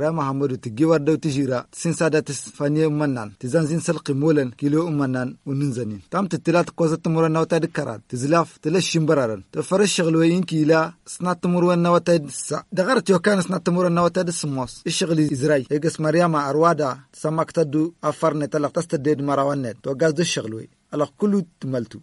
رام حمودو تجي دو تجيرا سين سادة تسفانية أمانان تزان زين سلق مولن كيلو أمانان وننزنين تام تتلات قوزة تمورا نو تايد تزلف تزلاف شمبرارن تفرش شغلوين كيلا سنا تمورا نو تايد سا دغار تيوكان سنا تمورا نو تايد سموس الشغل إزراي إيقس مريما أروادا سماك دو أفر نتلاق تستدد مراوانت توقاز دو الشغلوين alakulutmaltu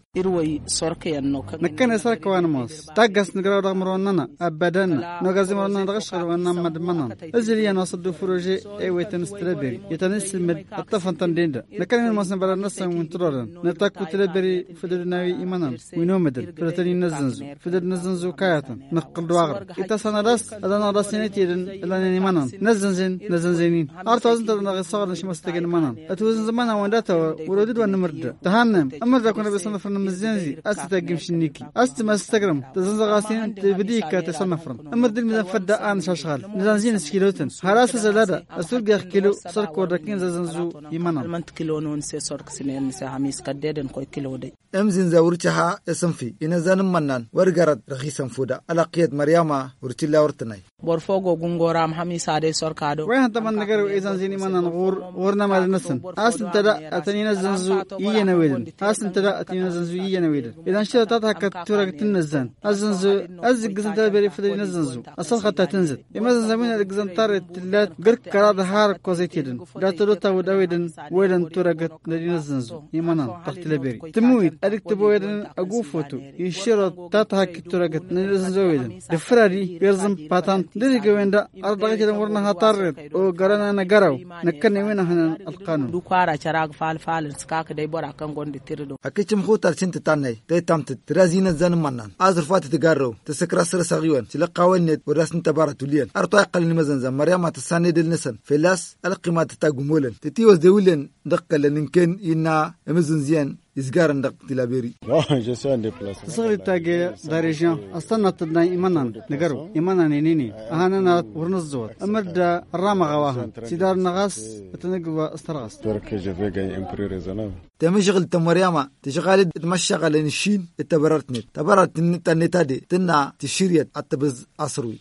nakana sarkawanmos tagas nigrawdakmronana abadana nogazimrona dagashqirwana madmanan aziliya nosadu furoje ewetan streberi yetanisilmed attafantandinda dinda nakana mosna baranasan wintroran nataku treberi fidadnawi imanan winomadan fidatani nazanzu fidadna zanzu kayatan naqldwaqr itasanadas adanadasinitiden ilananimanan nazanzin nazanzinin artozin tadanagisaqarnashmastagenmanan atuzin wurodid wandatawa wurodidwannimirda tahanna نم اما ذا كنا بصنف رن مزيانزي است تا جيمش نيكي است ما استغرام تزن زغاسين تبديك تصنف رن اما دل مزان فدا ان شاشغال مزان زين سكيلوتن هراس زلادا اسول غير كيلو سرك وركين زنزو يمان من كيلو نون سي سرك سنين نسا حميس قددن كو كيلو دي ام زين زا ورچها اسمفي ان زان منان ورغرد رخيصن فودا على قيد مريما ورتي لا ورتناي بور فوغو غونغورام حميس ادي سركادو وين هتا من نغرو ايزان زيني منان غور غورنا مالنسن اسنتدا اتنينا زنزو يينا ويدن aasintara atinazanzu iyanawidar idan shida tat haka turak tinazan azanzu azigizan tara beri fadari nazanzu asal khata tinzid imazan zamina digizan tar tillat girk karad har kozitidin datodota wadawidan wedan turagat nadinazanzu imanan tahtila beri timuid adiktibo wedan agufotu ishiro tat haki turagat nadinazanzu wedan difrari berzan patan diriga wenda ardagajidan warna hatarret o garana na garaw nakkan iwina hanan alqanun dukwara charag fal fal skaka dai bora kan gonde tirdo akichim khutar chinti tannay tay tamti tirazina zan mannan azur fati tigarro tisikra sira sagiwan sila qawalnet warasn tabara tulian arto aqalni mazanza maryama tsani dil nisan filas alqima tatagumolan titiwas dewulen daqqalanin ken ina emizun ziyan isgaar ndaq tilaberi saqli tage darishan astanat tadna imanan nagaru imanan inini ahananat urnazot amarda rama gawahan sidar nagas atanagwa astargas تم شغل تمريما تشغالي تمشغل الشين تبررتني تبررت تنتادي تنا تشيريت اتبز اسروي